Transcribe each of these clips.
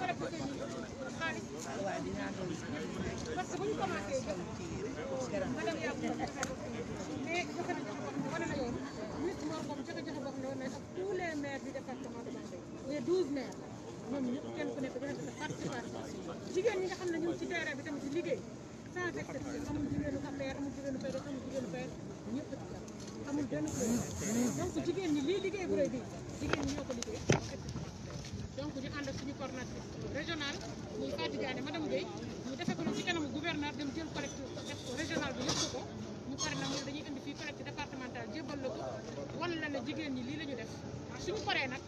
war a bëgg xaalis parce que bu ñu commencé madame yaa mais joxe na joxe boppam wane na yoon ministre moo moom joxe joxe boppam ne mais ak tous les maires du département de Bambey les douze maires ñoom ñëpp kenn ku nekk joxe sa participation jigéen ñi nga xam ne ñu ngi ci terrain bi tamit di liggéey sans exception amul jigéenu affaire amul jigéenu fay amul jigéenu fay ñëpp amul benn donc jigéen ñi lii liggéey bu rëy bi jigéen ñi ñoo ko liggéey donc ñu ànd ak suñu coordonnatrice régionale muy Fatou Diagne madame Guèye ñu defee ko nag ci kanamu gouverneur dem jël collecte def ko régional bi yëpp ko mu pare nag ñun dañuy indi fii collecte départementale jébbal la ko wan la jigéen ñi lii la ñu def suñu paree nag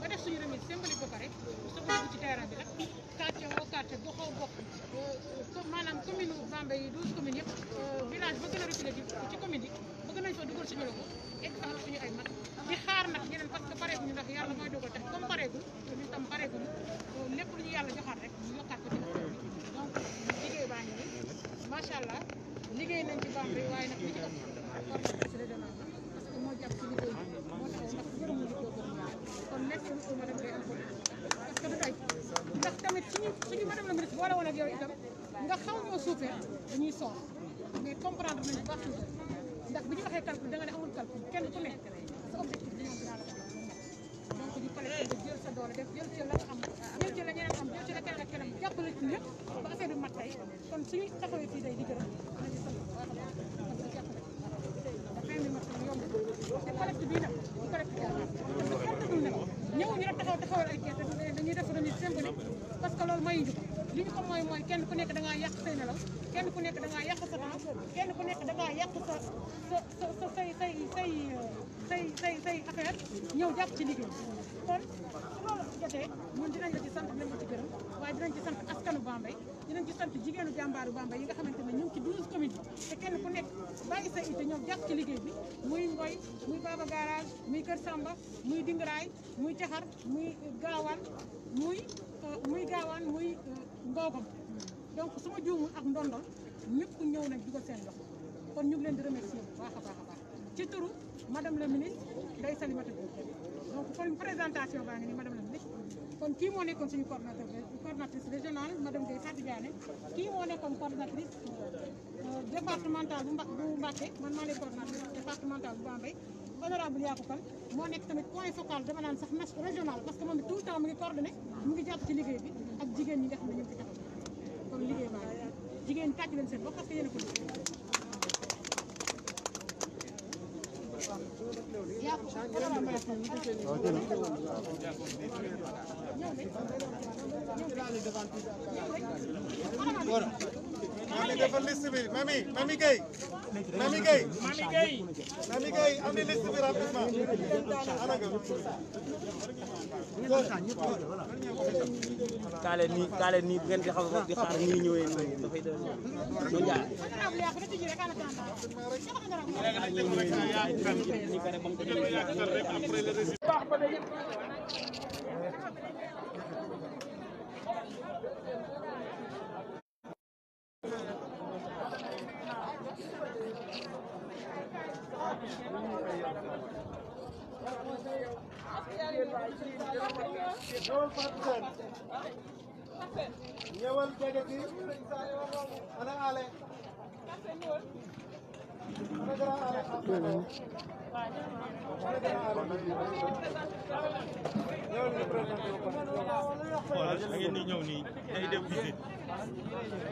ba def suñu remise symbolique ba pare soxla ko ci terrain bi nag quartier woo quartier goxoo euh, euh, maanaam commune Bambey yi douze communes yëpp euh, village ba gën a reculé ci commune yi bëgg nañ fa dugal suñu loxo egg xaar nag ñeneen parce que pareeguñu ndax yàlla mooy dogal def comme pareegul ñun tam ci ñu ko kon nekk lu ko madame day am ko parce itam nga xaw ñoo suufee dañuy sonn mais comprendre nañ bu baax ndax bi ñu waxee kenn ku ko donc ñu di gërëm na ci du ko mooy mooy nekk da ngaa yàq say nelaw kenn ku nekk da ngaa yàq sa kenn ku nekk da ngaa sa sa say say say say say say affaire ñëw jàpp ci liggéey kon su loolu jotee ñun dinañ ci sant dinañ la ci gërëm waaye dinañ ci sant askanu Bambey dinañ ci sant jigéenu jàmbaaru Bambey yi nga xamante ne ñu ngi ci bi te kenn ku nekk bàyyi sa itte ñëw jàpp ci liggéey bi muy Ngoy muy Baba Garage muy Kër Samba muy Dingaraay muy Caxar muy Gaawaan muy euh, muy Gaawaan muy Mbogom euh, donc su ma juumul ak Ndondol ñëpp ñëw nañ dugal seen loxo kon ñu ngi leen di remercier bu baax a baax ci turu madame la ministre Ndeye Salimata Diop donc kon présentation baa ngi nii madame la ministre kon kii moo nekkoon suñu coordonnateur coordonnatrice régionale madame Guèye Fatou Diané kii moo nekkoon coordonnatrice euh, départementale bu bu Mbacké man maa nekk coordonnatrice départementale bu Bambey honorable Yakou Kane moo nekk tamit point focal dama naan sax nas régional parce que moom bi ak jigéen ñi nga xam jigéen tàcc leen seen bopp parce que yéen a ko mami defal mami mami Gueye mami Gueye mami Gueye mami Gueye am na liste bi rapidement kaale nii kaale nii bu ngeen di xaw a di xaar nii ñëwee nii dafay doon ñëw jaar. ñëwal Fatou Sène ñëwal jege si ana ale ana grand ale voilà da ngeen di ñëw nii day def visite.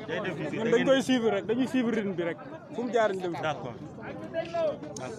day def visite dañ koy suivre rek dañuy suivre rythme bi rek fu mu jaar ñu dem. d'accord d'accord.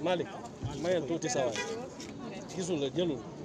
Malick mayal tuuti sa waay gisul la jëlul hmm?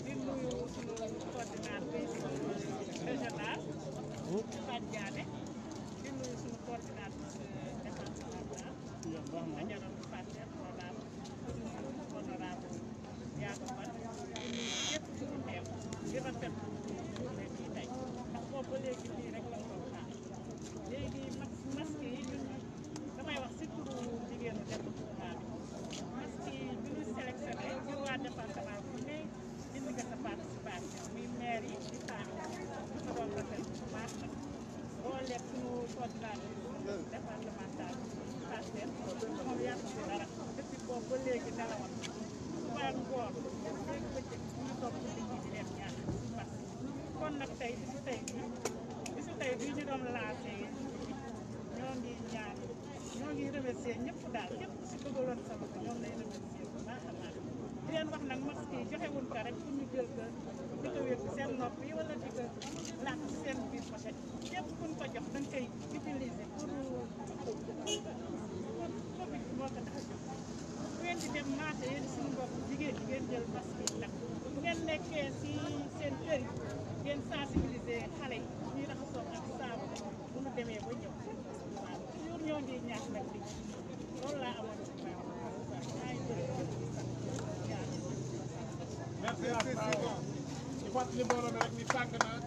jox danga koy pour Covid bi moo ko tax a bu ngeen di dem marché yéen suñu bopp jigéen ngeen jël masque yi bu ngeen nekkee si seen kër yi ngeen sensibiliser xale yi ñuy raxasoo ak saabu bu ñu demee ba ñëw waaw toujours ñoo ngi ñaax nag li loolu laa amoon ci baax merci rek ni tàng na.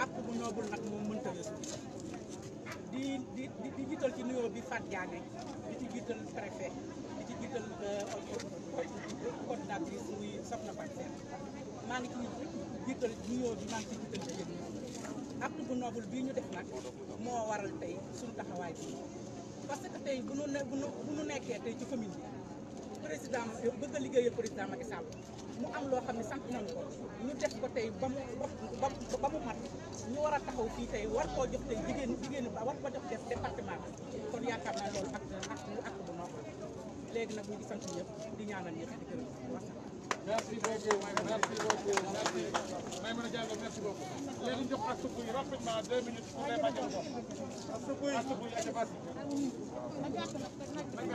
ak bu noobul nag moom mënta weesu di di di jiital ci nuyoo bi Fatou Diané di ci jiital préfet di ci jiital euh, coordinatrice muy Soxna Fatou Sène maa ngi ci jiital nuyoo bi maa ngi ci jiital jigéen ñi bu noobul bii ñu def nag moo waral tey suñu taxawaay bi parce que tey bu nu nekkee tey ci commune bi président bëgg a liggéeyal président Macky Sall mu am loo xam ne sant nañu ko ñu def ko tey ba mu ba mu mat ñu war a taxaw fii tey war koo jox tey jigéen jigéen ba war ko jox def département bi kon yaakaar naa loolu ak ak ak bu noo léegi nag ñu ngi sant ñëpp di ñaanal ñëpp di gërëm merci beaucoup merci beaucoup merci Maïmouna Diallo merci beaucoup léegi ñu jox Astou Pouye rapidement deux minutes pour les Astou Pouye Astou Pouye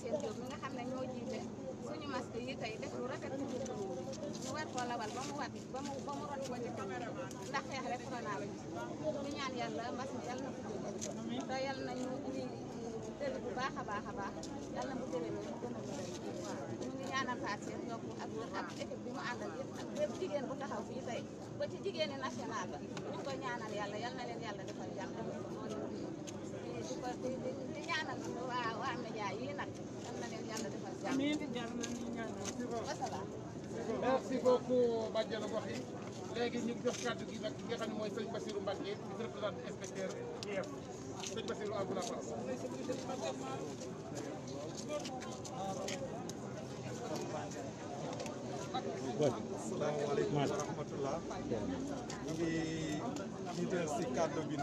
Bachir Diop mi nga xam ne ñoo jiite suñu masque yi tey def lu rafet ci biir commune bi ñu war koo lawal ba mu wat ba mu ba mu rot ko ci commune ndax xeex rek corona la ñu ñaan yàlla mbas mi yàlla na ko jóge te yàlla nañu indi tëdd bu baax a baax a baax yàlla na mu tëddee mu gën a waaw ñu ngi ñaanal Fatou Seye yokk ak wër ak équipe bi mu àndal yëpp ak bépp jigéen bu taxaw fii tey ba ci jigéeni national ba ñu ngi ko ñaanal yàlla yal na leen yàlla defal jàmm moo leen di ko di ñaanal waa waa média yii nag merci beaucoup Badiane gox yi ñu jox gi nga Bassirou inspecteur Bassirou la parole. wa rahmatullah bi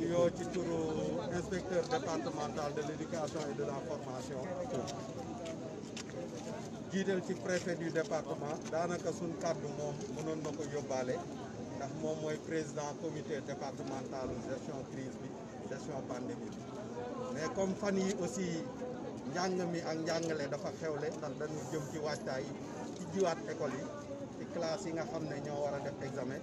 yoo ci turu inspecteur départemental de l'éducation et de la formation jiital ci préfet du département daanaka suñ kàddu moom mënoon na ko yóbbaale ndax moom mooy président comité départemental gestion crise bi gestion pandémie bi mais comme fan yi aussi njàng mi ak njàngale dafa xewle ndax dañu jëm ci waajtaay ci jiwaat école yi ci classe yi nga xam ne ñoo war a def examen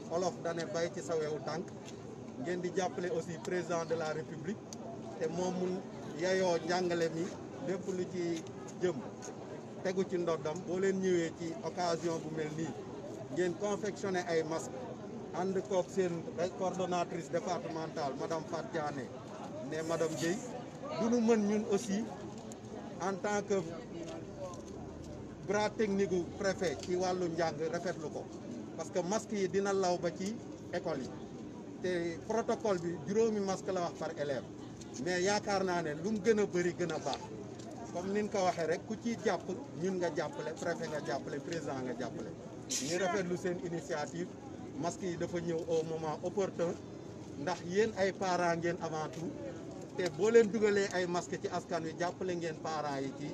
olof dane bay ci sa wewu tànk ngeen di jàppale aussi président de la république te moom mu yayoo njàngale mi lépp lu ci jëm tegu ci ndoddam boo leen ñëwee ci occasion bu mel nii ngeen confectionné ay masque ànd koog seen coordonnatrice départementale madame Fatou Diané ne madame Guèye du nu mën ñun aussi en tant que bras technique gu préfet ci wàllu njàng rafetlu ko parce que masque yi dina law ba ci école yi te protocole bi juróomi masque la wax par élève mais yaakaar naa ne lu mu gën a bëri gën a baax comme ni ñu ko waxee rek ku ciy jàpp ñun nga jàppale préfet nga jàppale président nga jàppale ñu rafetlu seen initiative masque yi dafa ñëw au moment opportun ndax yéen ay parents ngeen avant tout te boo leen dugalee ay masque ci askan wi jàppale ngeen parents yi ci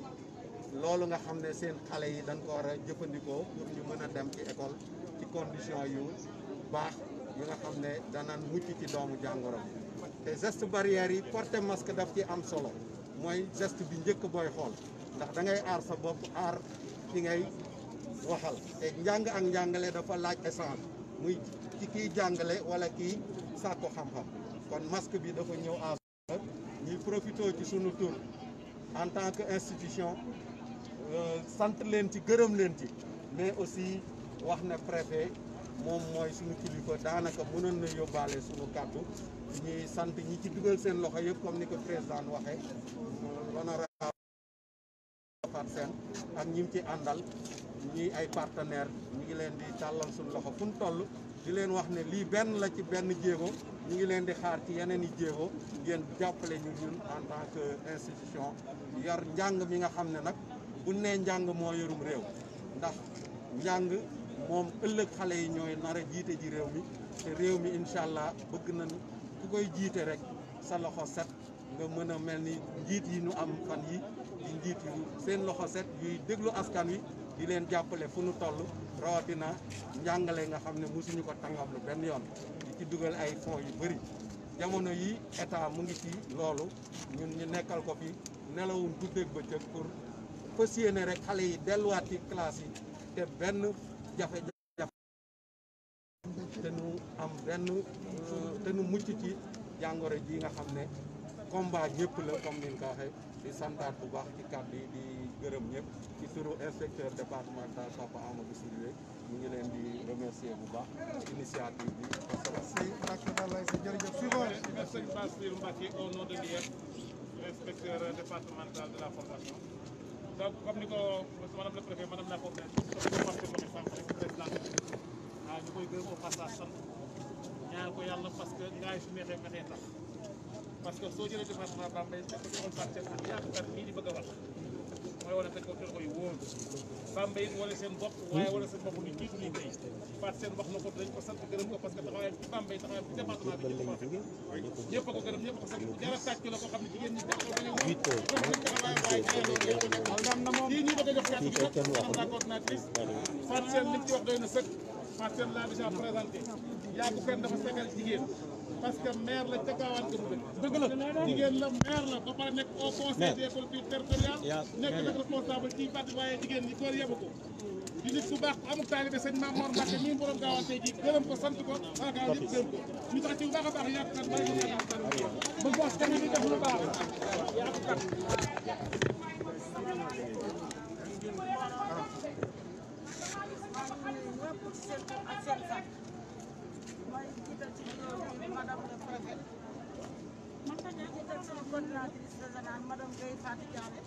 loolu nga xam ne seen xale yi dañ ko war a jëfandikoo pour ñu mën a dem école ci condition yu baax yi nga xam ne danaan mucc ci doomu jàngoro te geste barrière yi porter masque daf ci am solo mooy geste bi njëkk booy xool ndax da ngay aar sa bopp aar ki ngay waxal te njàng ak njàngale dafa laaj essence muy ci kiy jàngale wala kiy sàkku xam-xam kon masque bi dafa ñëw à ñuy profité ci sunu tur en tant que institution euh, sant leen ci gërëm leen ci mais aussi wax na préfet moom mooy suñu kilifa daanaka mënoon na yóbbaale suñu kàddu ñuy sant ñi ci dugal seen loxo yëpp comme ni ko président waxee l'honorable Fat Sène ak ñi ci àndal ñi ay partenaire ñu ngi leen di tàllal suñu loxo fu mu toll di leen wax ne lii benn la ci benn jéego ñu ngi leen di xaar ci yeneen i jéego ngeen jàppale ñu ñun en tant que institution yor njàng mi nga xam ne nag bu ne njàng moo yorum réew ndax njàng moom ëllëg xale yi ñooy nar jiite ji réew mi te réew mi incha allah bëgg nañ ku koy jiite rek sa loxo set nga mën a mel ni njiit yi nu am fan yi di njiit yu seen loxo set yuy déglu askan wi di leen jàppale fu nu toll rawatina njàngale nga xam ne mosuñu ko tàngamlu benn yoon di ci dugal ay fonds yu bëri jamono yi état mu ngi ci loolu ñu nekkal ko fi nelawum guddeeg bëccëg pour fas rek xale yi delluwaat ci classe yi te benn jafe-jafe te nu am benn te nu mucc ci jàngoro ji nga xam ne combat ñëpp la comme ni nga di santaat bu baax ci kàddu yi di gërëm ñëpp ci turu inspecteur départemental Papa Amadou Sidibé ñu ngi leen di remercier bu baax initiative bi jërëjëf au nom de l'IEF inspecteur départemental donc comme ni ko madame le préfet madame la comté comme ni ko waxee sànq rek président waaw ñu koy gërëm au passage sant ah, ñaan ko yàlla parce que ngaay su neexee nga nee tax parce que soo jëlee département Bambey dafa doon partie ak yaakaar nii di bëgg a wax jox wala sa kaw ko yu wóor Bamba it wala seen bopp waaye wala seen bopp lu jiitu luy béy Faat seen wax na ko dañ ko sant gërëm ko parce que taxawaayam ci Bamba yi taxawaayam ci département bi ñëpp a ko gërëm ñëpp a ko sant jara tàcc la ko xam ne jigéen ñi kii ñu bëgg a jox kàddu gi nag la coordinatrice Faat seen li ci wax doy na sëkk Faat seen laa déjà présenté yaa bu fenn dafa sagal jigéen parce que maire la ca Gawane Kër Mbir. dëgg la la maire nekk au conseil des collectivités nekk nag responsable ci parti waaye jigéen ñi koor yebu ko. di nit ku baax ku amul taalibe sëñ Maam Mor Mbacke mi borom Gawane tey jii gërëm ko sant ko waa Gawane yëpp gërëm ko ñu tax ci bu baax a baax yàq kan bàyyi ko yàq kan bëgg wax kenn kan. kontradiction madame Gueye Fatou Diané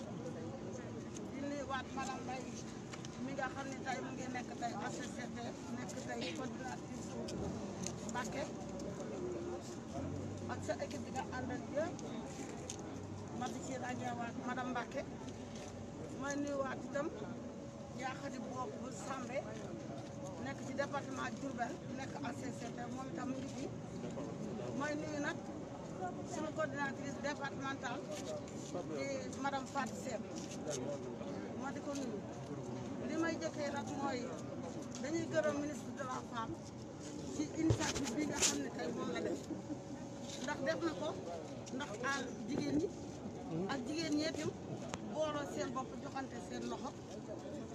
di nuyuwaat madame Mbaye mi nga xam ne tey mu ngi nekk tey HCCT nekk tey contractrice Mbacké ak sa équipe bi nga àndal yëpp ma di ci ràññeewaat madame Mbacké may nuyuwaat itam yaa xadi boobu bu Sambé nekk ci suñu coordinatrice départementale di madame ma di ko nuyu li may jëkkee nag dañuy gërëm ministre de la femme ci initiative bi nga xam ne tey la def ndax def na ndax aal jigéen ñi ak jigéen ñeetim booloo seen bopp joxante seen loxo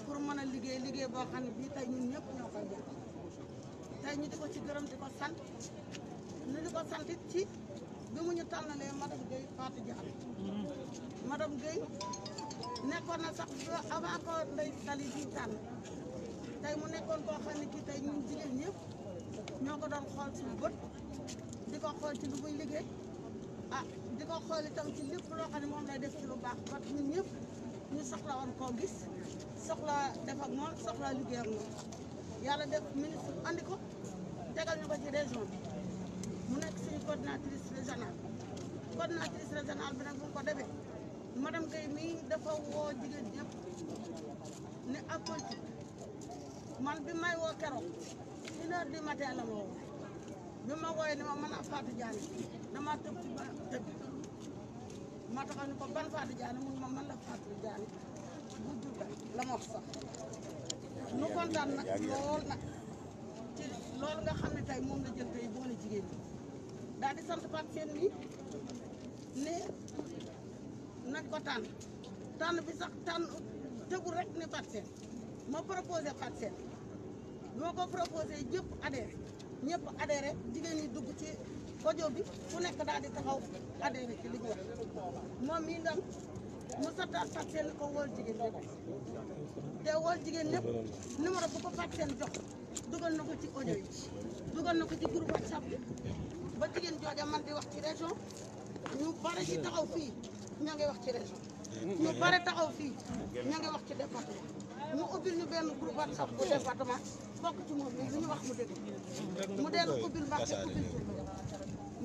pour mën liggéey liggéey boo xam ne bii ñun ñu ci sant ñu ci bi mu ñu tànnalee madame Gueye Fatou Diallo madame Gueye nekkoon na sax avant ko ndey tali di tànn tey mu nekkoon koo xam kii tey ñun jigéen ñëpp ñoo ko doon xool suñu bët di ko xool ci lu muy liggéey ah di ko xool itam ci lépp loo xam ne moom lay def ci lu baax ba ñun ñëpp ñu soxla woon koo gis soxla def moom soxla liggéey moom yàlla def ministre andi ko tegal ñu ko ci région coordinatrice régionale coordinatrice régionale bi nag bu ko defee madame Guèye mii dafa woo jigéen ñëpp ne apporté man bi may woo keroog une heure du la ma woo bi ma wooyee ni ma mën a Fatou Diané dama tëb ci ba tëb ma taxaw ni ko ban Fatou ma mën la Fatou lool nag ci loolu nga xam ne tey jigéen ñi daal di sant Pape Sène mi ne ko tànn tànn bi sax tànn tëgul rek ne Pape Sène ma proposé Pape Sène bi ko proposé jëpp adhéré ñëpp adhéré jigéen yi dugg ci audio bi ku nekk daal di taxaw adhéré ci li moom mii ndam mu santaat Pape ko wool jigéen ñëpp te wool jigéen ñëpp numéro bu ko Pape jox dugal na ko ci audio yi dugal na ko ci groupe WhatsApp ba jigéen jooja man di wax ci région ñu bare ci taxaw fii ña ngi wax ci région ñu taxaw fii ci département mu ubbil ñu benn groupe WhatsApp bu département bokk ci moom li ñu wax mu dégg mu dellu ubbil Mbàkke ubbil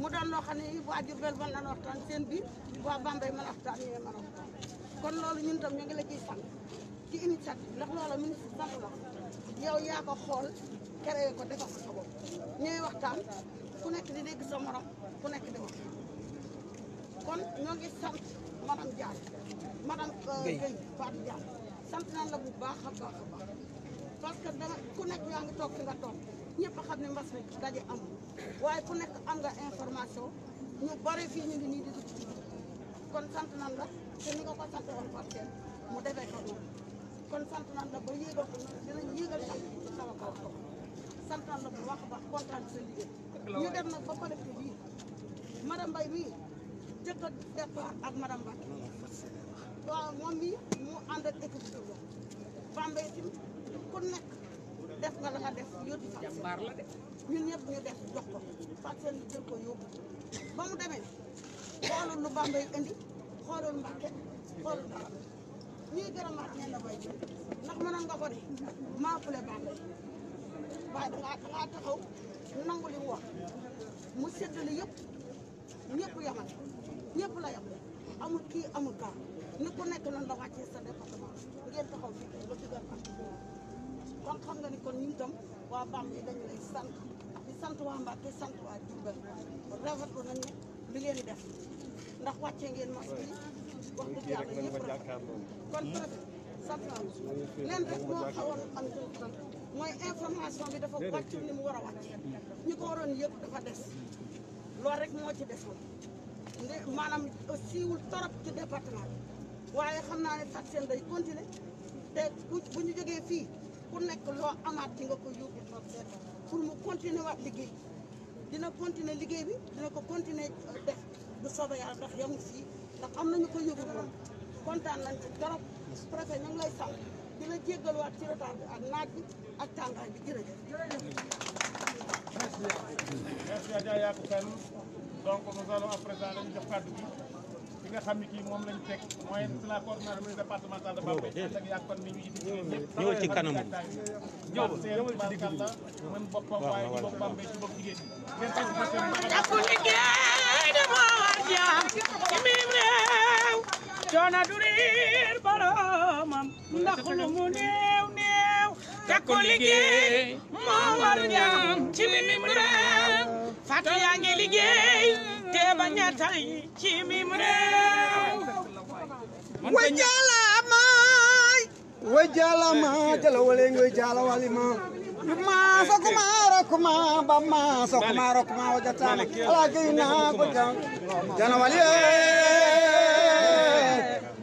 mu doon loo xam ne yi waa Jurbel mën nañu waxtaan seen biir waa Bambey mën a waxtaan ñu mën waxtaan kon loolu ñun tam ñu ngi la ciy sant ci initiative ndax loola ministre sant la yow yaa ko xool créé ko defal ko sa bopp ñooy waxtaan ku nekk di dégg sa morom ku nekk di wax kon ñoo ngi sant madame Diall madame euh, Guèye Fatou Diall sant naan la bu baax a baax a baax parce que ku nekk yaa ngi toog fi nga toog ñëpp a xam ne mbas mi daje amul waaye ku nekk am nga information ñu bare fii ñu ngi nii di dugg kon sant naan la te ni nga ko sant woon Fatou mu defee ko noonu kon sant naan la ba yéegal ko noonu dinañ yéegal sant sama bu baax a baax kontaan sa ñu dem nag ba collecté bii madame Mbaye mii jëkk a ak madame Mbaye waaw moom mii mu ànd ak équipe def nga def yóbbu fa la def jox ko ba mu demee xoolul lu Bambey indi xoolul Mbàkke xoolul dara ñuy gërëmaat ñenn bay ndax mënoon nga ko de maa fule Bambey waaye dangaa dangaa taxaw nangu li mu wax mu séddale yëpp ñëpp yamal ñëpp la yam amul kii amul kaa ni ku nekk na la wàccee sa département ngeen taxaw fi ba digal ak kon xam nga ni kon ñun waa Bam yi dañu lay sant di sant waa Mbacke sant waa Diourbel rafetlu nañ ne li ngeen di def ndax wàccee ngeen mas bi wax dëgg yàlla yëpp rafet kon sant naa leen rek moo xawoon am jël mooy information bi dafa wàccul ni mu war a wàcc ñi ko waroon yëpp dafa des loolu rek moo ci desul nde maanaam euh, siiwul torop ci département bi waaye xam naa ne sax seen day continuer te bu ñu jógee fii ku nekk loo amaat ci nga ko yóbbu toog pour mu continuer waat liggéey dina continuer liggéey bi dina ko continuer euh, def du soobee ndax yamul fii ndax am nañu ko yóbbu woon kontaan nañ ci torop préfet ñu lay sàll di la jéggaluwaat ci retard bi ak naaj bi ak tàngaay bi jërëjëf. merci Adja Yatou Sène donc nous allons à présent dañu jox kàddu gi ki nga xam ne kii moom lañu teg mooy la coordination départementale de Bambey ànd ak yàkkoon ni ñu indi ñëpp ñëw ci kanamam ñëw seen barkalla mën boppam waaye ci bopp Bambey ci bopp jigéen ñi ngeen teg ko seen na du riir boroomam néew néew te ko liggéey moo waru ñam yaa ngi liggéey te bañ a tay ci mim réew wajala maay ma maasa kuma rakuma ba maasa kuma rakuma wajata ala gayna ko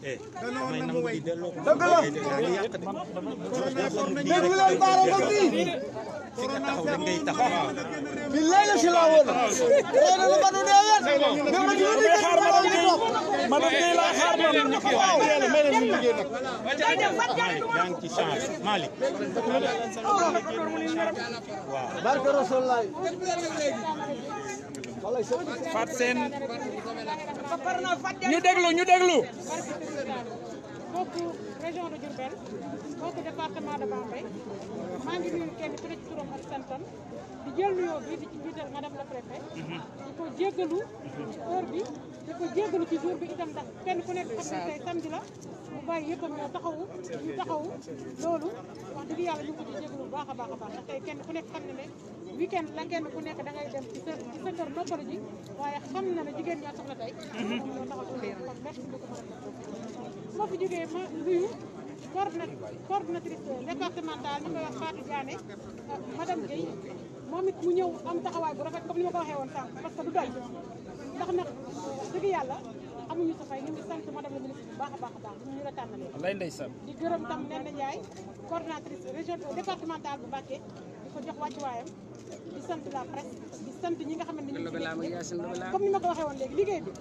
damay nangu di delloo ko. dëgg la déglu leen baara ba fii. fi nga taxaw rek ngay taxaw. bi lay la si laa woon. xëy na lu ma du dee yéen. mais man ñu ngi xaar ma doon di toog. ma doon di laa xaar ma doon di toog. waaw mais nag ñu liggéey nag. yaa ngi ci chance Malick. waaw. barke Rasulullah. Fat Seen. ñu déglu ñu déglu. bokk région de Diourbel bokk département de Bambey maa ngi nuyu kenn ku ne ci turam ak santam di jël nuyoo bi di ci jiital madame la préfet di ko jéggalu ci heure ko jéggalu ci jour bi itam ndax kenn ku nekk xam ne tey samedi la mu bàyyi yëppam ñoo taxawu ñu taxawu loolu wax dëgg yàlla ñu ngi ko baax a baax a baax ndax kenn ku nekk xam ne ne weekend la ngeen ku nekk da ngay dem ci sa ji waaye xam na ne jigéen ñaa soxla tey. Mhm. moo fi jógee ma nuyu coordonnatrice départementale ñu ngi wax Fatou Diané euh, madame Guèye moom it mu ñëw am taxawaay bu rafet comme ni ma ko waxee woon sànq parce du doy ndax nag dëgg yàlla amuñu sa fay ñu ngi sant madame la ministre bu baax a baax a baax ñu ñu la tànnalee. lay ndeysaan di gërëm tam Nenna Ndiaye coordonnatrice région départementale bu Mbacké. di ko jox wàccuwaayam di sant la presse di sant ñi nga xamante ne ñu comme ni ma ko waxee woon léegi liggéey bi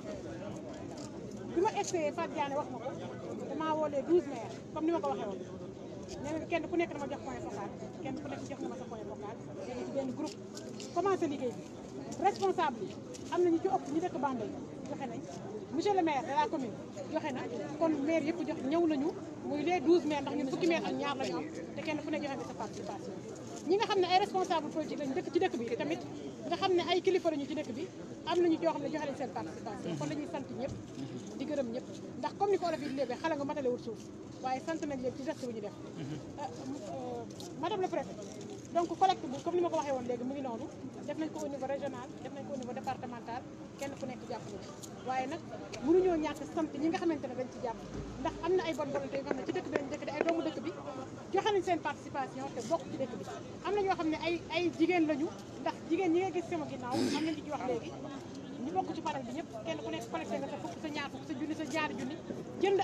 bi ma essayé Fatou woo les douze maires comme ni ma kenn ku nekk dama jox point kenn ku nekk jox na ma benn groupe commencé liggéey bi responsable yi am na ci ëpp ñu dëkk Bambey joxe nañ monsieur le maire de la commune na kon maire yëpp jox ñëw nañu muy les douze maires ndax ñun fukki maire ak ñaar la am te kenn ku ne joxe na sa participation ñi nga xam ay responsable politique lañu dëkk ci dëkk bi tamit nga xamné ay kilifa lañu ci dëkk bi am nañu joo xamné joxalé sen participation kon lañuy sant ñëpp di gëreem ñëpp ndax comme ni ko olof yi di léebee nga matale wul suuf waye sant nañ leen ci geste bu ñu def madame le préfet donc collecte bu comme ni ma ko waxee woon léegi mu ngi nonu def nañ ko au niveau régional def nañ ko au niveau départemental kenn ku nekk jàpp waye nak mënu ñoo ñak sant ñi nga xamantene dañ ci jàpp ndax amna ay bonne volonté yoo xam ne ci dëkk bi dañ dëkk ay doomu dëkk bi joxe nañ seen participation te bokk ci dëkk bi am na ñoo xam ne ay ay jigéen lañu ndax jigéen ñi nga gis sama ginnaaw am na li ci wax ñu bokk ci panel bi ñëpp kenn ku nekk collecté nga sa fukk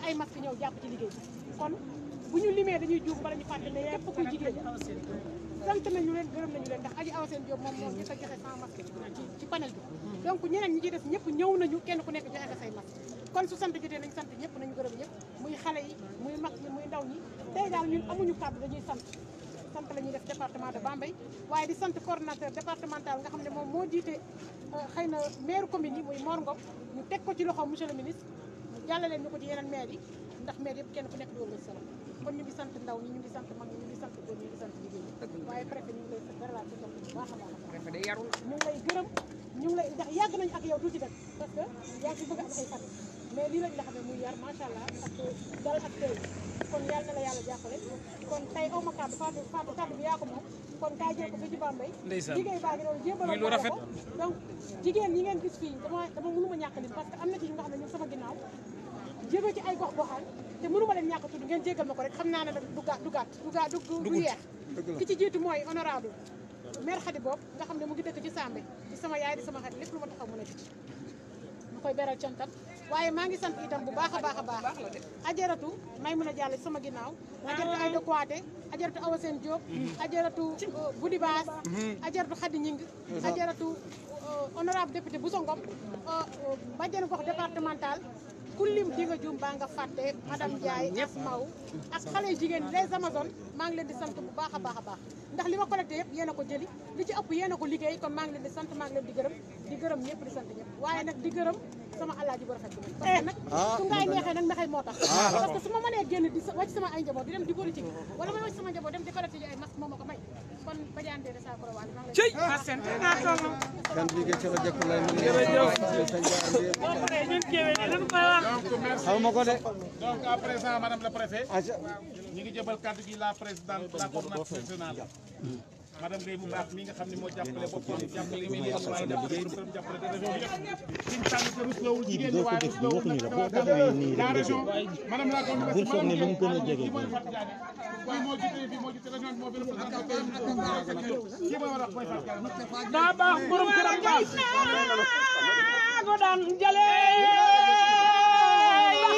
ay masque ñëw jàpp ci liggéey bi kon bu ñu limee dañuy juum bala ñu fàtte ne képp kuy jigéen sant nañu leen gërëm nañu leen ndax aji aw seen moom moom ñu joxe sans masque ci panel bi donc ñeneen ñi ci des ñëpp ñëw nañu kenn ku nekk joxe nga say masque kon su sant jotee nañ sant ñëpp nañu gërëm ñëpp muy xale yi muy mag ñi muy ndaw ñi tey daal ñun amuñu kàddu dañuy sant sant la ñuy def département de Bambey waaye di sant coordonnateur départemental nga xam ne moom moo jiite euh, xëy na maire commune yi muy Mor ñu teg ko ci loxo monsieur le ministre ñu jàllaleen ñu ko ci yeneen maire yi ndax maire yëpp kenn ku nekk doolu solo kon ñu ngi sant ndaw ñi ñu ngi sant mag ñi ñu ngi sant góor ñu ngi sant jigéen a mais lii lañ la ne muy yar macha allah ak dal ak tey kon yàlla la yàlla jàppale kon tey aw kàddu Fatou Fatou kàddu bi yaa ko moom kon kaay jël ko fi ci Bambey. ndeysaan baa ngi lu rafet donc jigéen ñi ngeen gis fii dama dama mënu ma ñàkk lim parce que am na ci ñu nga xam ne ñu sama ginnaaw jéego ci ay gox goxaan te mënu ma leen ñàkk tudd ngeen jéggal ma ko rek xam naa ne nag du gàtt du gàtt du du yeex ki ci jiitu mooy honorable maire Khady Bob nga xam ne mu ngi dëkk ci Sambé sama yaay sama xarit lépp a ci koy beral cantam waaye maa ngi sant itam bu baax a baax a baax ajaratu may mën a jàll sama ginnaaw ah. ajaratu ay dokwaate ajaratu awa seen Diop mm-hmm. ajaratu Budi uh, Baas mm-hmm. ajaratu Khady Ñing mm-hmm. ajaratu uh, honorable député bu songom uh, bajjenu gox départemental ku lim di nga juum baa nga fàtte madame Ndiaye Asmaw ak xale jigéen les amazones maa ngi leen di sant bu baax a baax a baax ndax li ma collecté yëpp yéen a ko jëli li ci ëpp yéen a ko liggéey kon maa ngi leen di sant maa ngi leen di gërëm di gërëm ñëpp di sant ñëpp di gërëm sama alaaji bu rafet bi eh. nag ah, su ngaay nag mexey moo tax ah, parce que su ma mënee génn di wàcc sama ay njaboot di dem di politique wala may wàcc sama njaboot dem di collecté ji ay masque moom ma ko may kon de sa korowal ma moo kan bi ge ci la jekku lay mën xaw ma ko de donc à présent madame le préfet ah, ñu ngi jëbal kaddu gi la présidente de la madame Guèye bu baax nga xam ne moo jàppale boppam jàppale mi yéen a jege mooy Fatou Diagne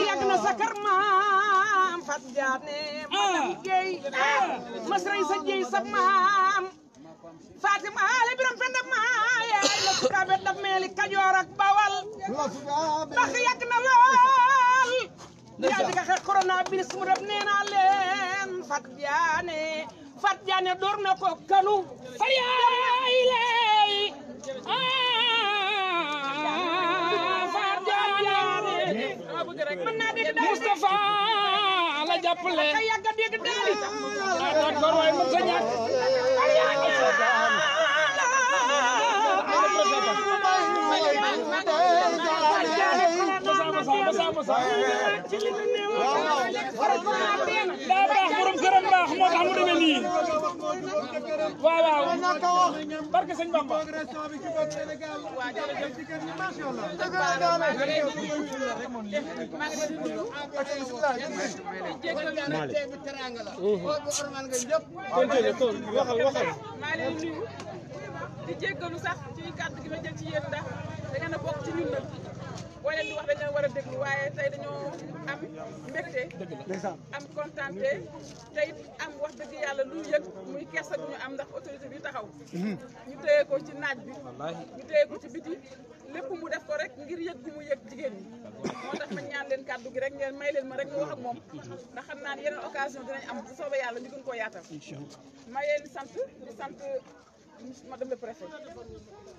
kii ko na sa maam fat jaane ah. madam jeey ah. eh, mas rey sa jeey sab maam Fatim ale biram fen daf maa yaay la sukaabe daf meeli Kajoor ak Bawal bax yàgg na lool yaa di ka xeex corona virus mu def nee naa leen fat jaane fat jaane door na ko kanu fat yaay lay ah. fat jaane mën naa dégg Moustapha jàppale yàgg dégg daali a doon góor waaye mën sa ñàkk maa ngi daa baax borom këram baax moo tax mu demee nii waaw waaw barke sëñ Bamba maa leen nuyu di jéggalu sax ci kàddu gi ma jël ci yéen ndax da ngeen a bokk ci ñun nag boo leen di wax dañ war a déglu waaye tey dañoo am mbégte am kontaante tey am wax dëgg yàlla lu yëg muy kersa gu ñu am ndax autorité bi taxaw mhm. ñu téye ko ci naaj bi ñu téye ko ci biti lépp mu def ko rek ngir yëg gu mu yëg jigéen ñi moo tax ma ñaan leen kàddu gi rek ngeen may leen ma rek ma wax ak moom ndax xam naa ne yeneen occasion dinañ am bu soobee yàlla ñu gën koo yaatal ma leen di sant di sant madame le préfet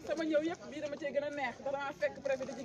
sama ñëw yëpp bii dama cee gën a neex ndax dama fekk préfet di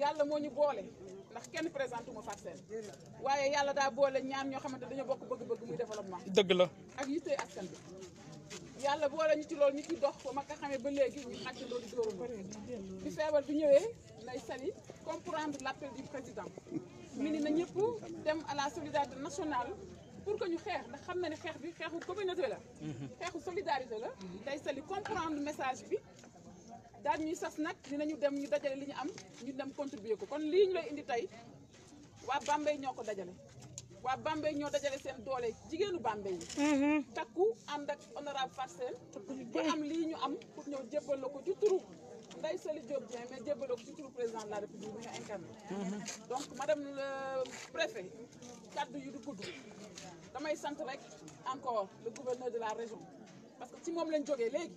yàlla moo ñu boole ndax kenn présenté ma Fatou Sène waaye yàlla daa boole ñaar ñoo xamante dañoo bokk bëgg-bëgg muy développement. dëgg la ak yitte askan bi. yàlla boole ñu ci loolu ñu ci dox ba ma ko xamee ba léegi ñu àgg loolu góor bi feebar bi ñëwee nday sali comprendre l'appel du président mi ni na ñëpp dem à la solidarité national pour que ñu xeex ndax xam na ne xeex bi xeexu communauté la. Mhm. xeexu solidarité la nday sali comprendre message bi. daal ñuy sas nag dinañu dem ñu dajale li ñu am ñu dem contribuer ko kon lii ñu lay indi tey waa Bambey ñoo ko dajale waa Bambey ñoo dajale seen doole jigéenu Bambey yi mm-hmm. takku ànd ak honorable parcelle ba am lii ñu am pour ñëw jébbal la ko ci turu Ndeye Saly Diop Dieng mais jébbal ko ci turu président la République bi nga incarné mm-hmm. donc madame le préfet kaddu yu du gudd damay sant rek encore le gouverneur de la région parce que ci moom lañ jógee léegi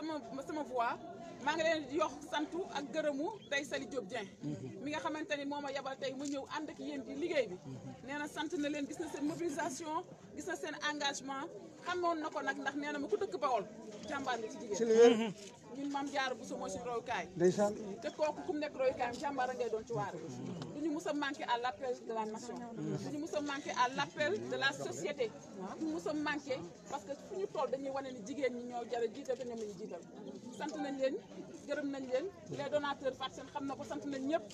sama sama voix maa ngi leen di yox santu ak gërëmu tay Sali job Dieng mhm. mi nga xamanteni moma yabal tay mu ñew and ak yéen di liggéey bi mhm. neena sant na leen gis na sen mobilisation gis na sen engagement xamone nako nak ndax neena ma ku dëkk Bawol jambaal ci jigéen ñun maam jaar bu sa mooy suñu royukaay te kooku ku nekk royukaay jàmbaar ngay doon ci waar du ñu a manqué à l' appel de ñu mus a manqué à de la société du ñu mus parce que fu ñu toll dañuy wane ni jigéen ñi ñoo jare jiital te ñoom la ñu jiital sant nañ leen gërëm nañ leen les donateurs Fatou Sène xam na ko sant nañ ñëpp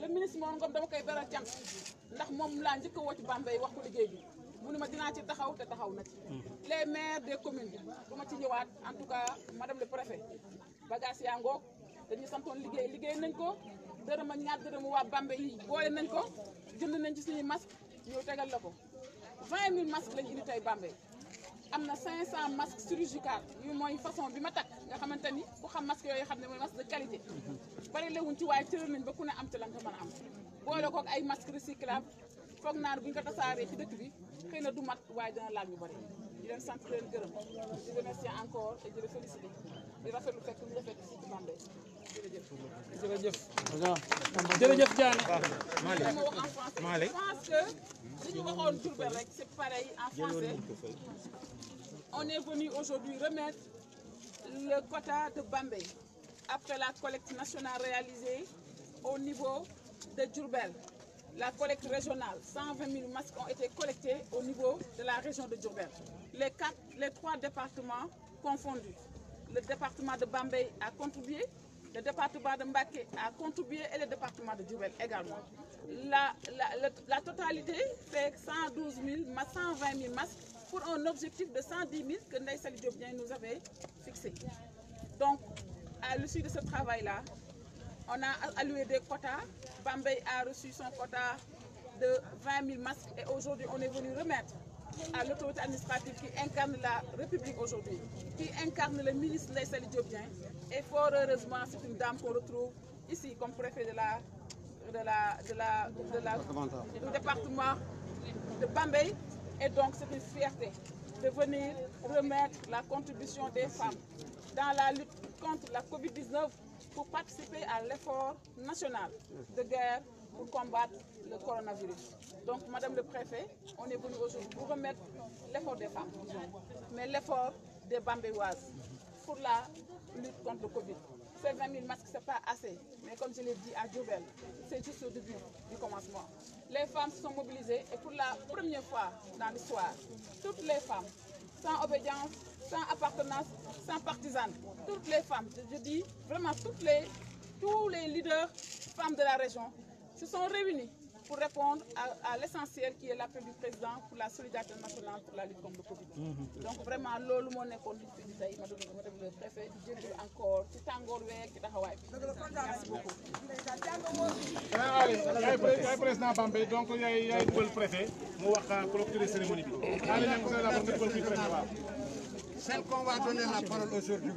le ministre moom Ngom dama koy beral cant ndax moom laa njëkk a woo wax ko liggéey bi mu ne ma dinaa ci taxaw te taxaw na ci. les maires des communes bu ma ci ñëwaat en tout cas madame le préfet bagage yaa ngoog dañu santoon liggéey liggéey nañ ko dërëm ak ñaar dërëm waa Bambe yi boole nañ ko jënd nañ ci suñu masque ñëw tegal la ko 20 000 masques lañ indi tey Bambe am na 500 masques chirurgical yu mooy façon bi ma takk nga xamante ni ku xam masque yooyu xam ne mooy masque de qualité bari lewuñ ci waaye cëral nañ ba ku ne am ci la a am boole kook ay masques recyclables naa bu ñu ko tasaaree ci dëkk bi Je encore et je félicite. je pense que Djourbel, c'est pareil en français on est venu aujourd'hui remettre le quota de Bambey après la collecte nationale réalisée au niveau de Djourbel. La collecte régionale, 120 000 masques ont été collectés au niveau de la région de Djourbel. Les, quatre, les trois départements confondus. Le département de Bambay a contribué, le département de Mbaké a contribué et le département de Djourbel également. La, totalité fait 112 000, 120 000 masques pour un objectif de 110 000 que Naïsali Diobien nous avait fixé. Donc, à l'issue de ce travail-là, on a alloué des quotas. Bambay a reçu son quota de 20 000 masques et aujourd'hui on est venu remettre à l'autorité administrative qui incarne la République aujourd'hui, qui incarne le ministre Laïsali Diobien. Et fort heureusement, c'est une dame qu'on retrouve ici comme préfet de la, de la, de la, du département de Bambay. Et donc c'est une fierté de venir remettre la contribution des femmes dans la lutte contre la COVID-19 pour participer à l'effort national de guerre pour combattre le coronavirus. Donc, Madame le Préfet, on est venu aujourd'hui pour remettre l'effort des femmes, mais l'effort des Bambéoises pour la lutte contre le Covid. Ces 20 000 masques, ce n'est pas assez. Mais comme je l'ai dit à Jouvel, c'est juste au début du commencement. Les femmes sont mobilisées et pour la première fois dans l'histoire, toutes les femmes sans obédience, sans appartenance, sans partisane. Toutes les femmes, je dis vraiment toutes les, tous les leaders femmes de la région se sont réunies pour répondre à, l'essentiel qui est l'appel du président pour la solidarité nationale pour la lutte contre le Covid. Mhm. Donc vraiment l'eau, le préfet encore merci beaucoup. Celle qu'on va donner la parole aujourd'hui,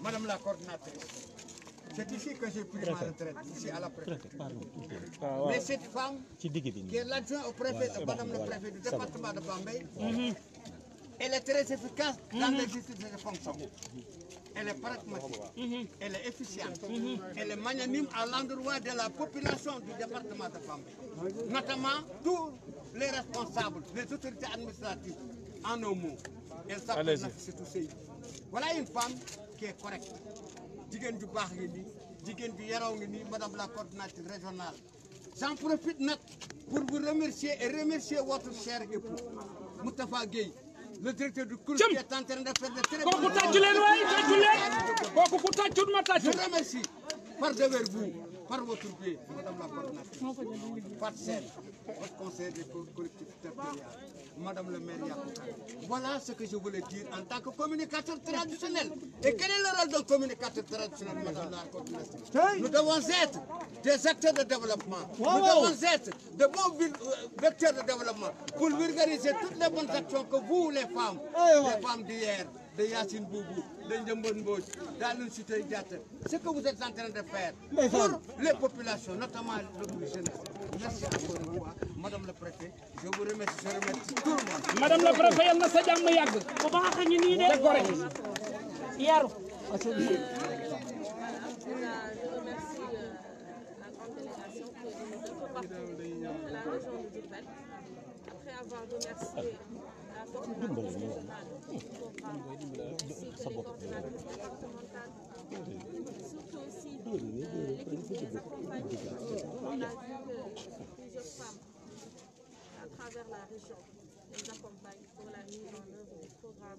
madame la coordinatrice. C'est ici que j'ai pris ma retraite, ici à la préfecture. Ah, Mais cette femme, qui est l'adjoint au préfet, madame le préfet du département de Bambay, mhm. elle est très efficace mhm. dans l'exercice de ses fonctions. Elle est pragmatique, mhm. elle est efficiente, elle est magnanime à l'endroit de la population du département de Bambay. Notamment tous les responsables, les autorités administratives, en nos mots. tout s'appelle Voilà une femme qui est correcte jigéen ju baax ngi nii jigéen yaraw ngi madame la coordinatrice régionale j'en profite nag pour vous remercier et remercier votre cher époux Moutafa Gueye le directeur du club qui est en train de faire des très kooku tàccu leen waay remercie par devers vous par votre biais madame la coordinatrice Fatou Sène votre conseil des collectivités territoriales Madame le maire Voilà ce que je voulais dire en tant que communicateur traditionnel. Et quel est le rôle d'un communicateur traditionnel, Madame la Nous devons être des acteurs de développement. Nous devons être de bons euh, vecteurs de développement pour vulgariser toutes les bonnes actions que vous, les femmes, les femmes d'hier, de Yacine Boubou, de Ndjambon Mboj, d'Alun Cité Ce que vous êtes en train de faire pour les populations, notamment les jeunesse. Merci encore une fois madame le préfet je vous remercie je remercie tout le monde. madame le préfet yal na sa jàmm yàgg. bu baax a ngi nii de. de yaru. après avoir remercié la coordination générale pour ainsi que les coordinateurs départementaux, surtout aussi euh, l'équipe qui les accompagne. On a vu que plusieurs femmes vers la région les accompagnent pour la mise en œuvre du programme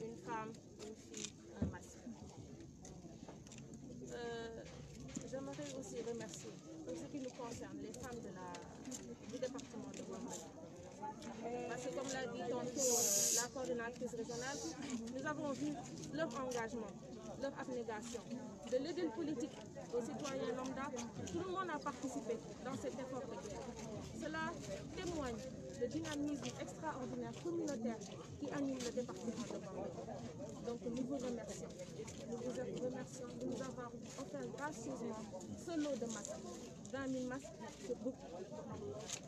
Une femme, une fille, un masque. Euh, j'aimerais aussi remercier, pour ce qui nous concerne, les femmes du département de Guatemala. Parce que comme l'a dit tantôt euh, la coordonnatrice régionale, nous avons vu leur engagement, leur abnégation, de l'aide politique aux citoyens lambda, tout le monde a participé dans cet effort de Cela témoigne le dynamisme extraordinaire communautaire qui anime le département de Bambé. Donc nous vous remercions. Nous vous remercions de nous avoir offert gracieusement ce lot de masques, 20 000 masques de beaucoup.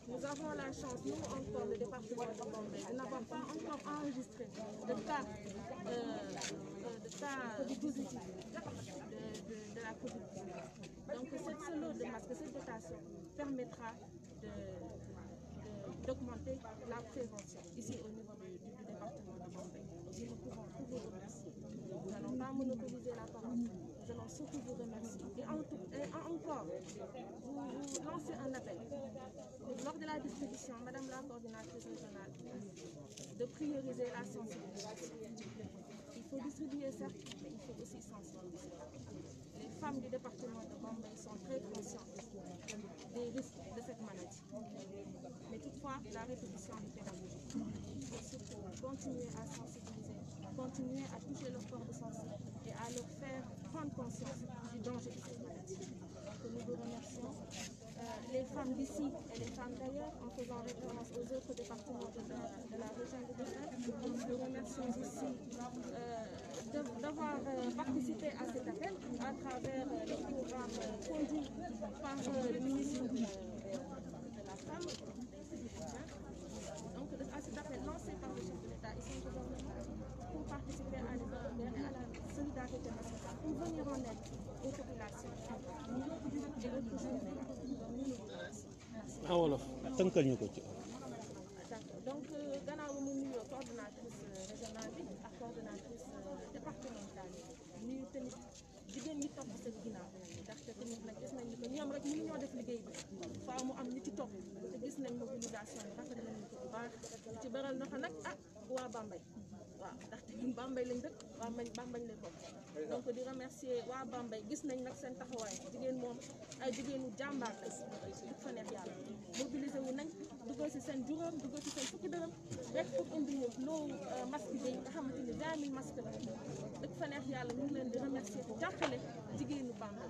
Nous avons la chance, nous encore, le département de Bambé, de n'avoir pas encore enregistré de cas, euh, euh, de cas positifs. Donc cette, ce de masques, cette dotation permettra d'augmenter la prévention ici au niveau du, département de Bombay. Nous pouvons vous remercier. Nous n'allons pas monopoliser la parole. Nous allons surtout vous remercier. Et, en tout, encore, vous, lancez un appel. Lors de la distribution, Madame la coordinatrice régionale, de prioriser la sensibilisation. Il faut distribuer certes les femmes du département de Bombay sont très conscientes des risques de cette maladie. Mais toutefois, la répétition est pédagogique. Il surtout continuer à sensibiliser, continuer à toucher leur corps de sens et à leur faire prendre conscience du danger de cette maladie. Donc, nous vous remercions. Euh, les femmes d'ici et les femmes d'ailleurs, en faisant référence aux autres départements de nous le remercions aussi euh, d'avoir euh, participé à cet appel à travers euh, le programme conduit par le ministre de, la Femme. Donc, à cet appel lancé par le chef de l'État et son gouvernement pour participer à l'économie, à la solidarité nationale, pour venir en aide aux populations. Nous, Ah, voilà. Tant daaw mu am li ci topp te gis nañ mobilisation bi ko bu baax li ci baral na fa nag ah waa Bambey waaw ndaxte ñun Bambey lañ dëkk waa Bambey Bambey lañ bokk di remercier waa Bambey gis nañ nag seen taxawaay jigéen moom ay jigéenu jàmbaar la dëgg fa neex yàlla mobiliser seen juróom dugal si seen fukki dërëm rek pour indi ñu loo euh, masque bi nga xamante ni 20 la dëgg fa neex yàlla ñu ngi leen di remercier bu jàppale jigéenu Bambey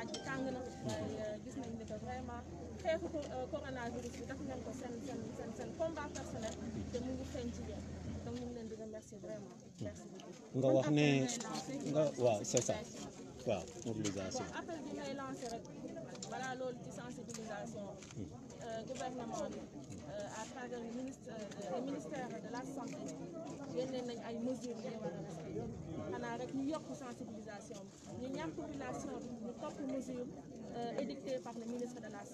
naaj bi tàng na. waaye euh, gis nañ ni que vraiment euh, coronavirus bi daf ngeen ko seen seen seen seen personnel te mu ngi feeñ ci yéen donc merci beaucoup nga wax ne waaw c'est ça waaw mobilisation. gouvernement euh, à travers le ministre euh, ministère de la santé y une mesure mesures qui war a respecté xanaa rek ñu yokk sensibilisation bi a population bi top mesure mesures euh, par le ministre de la santé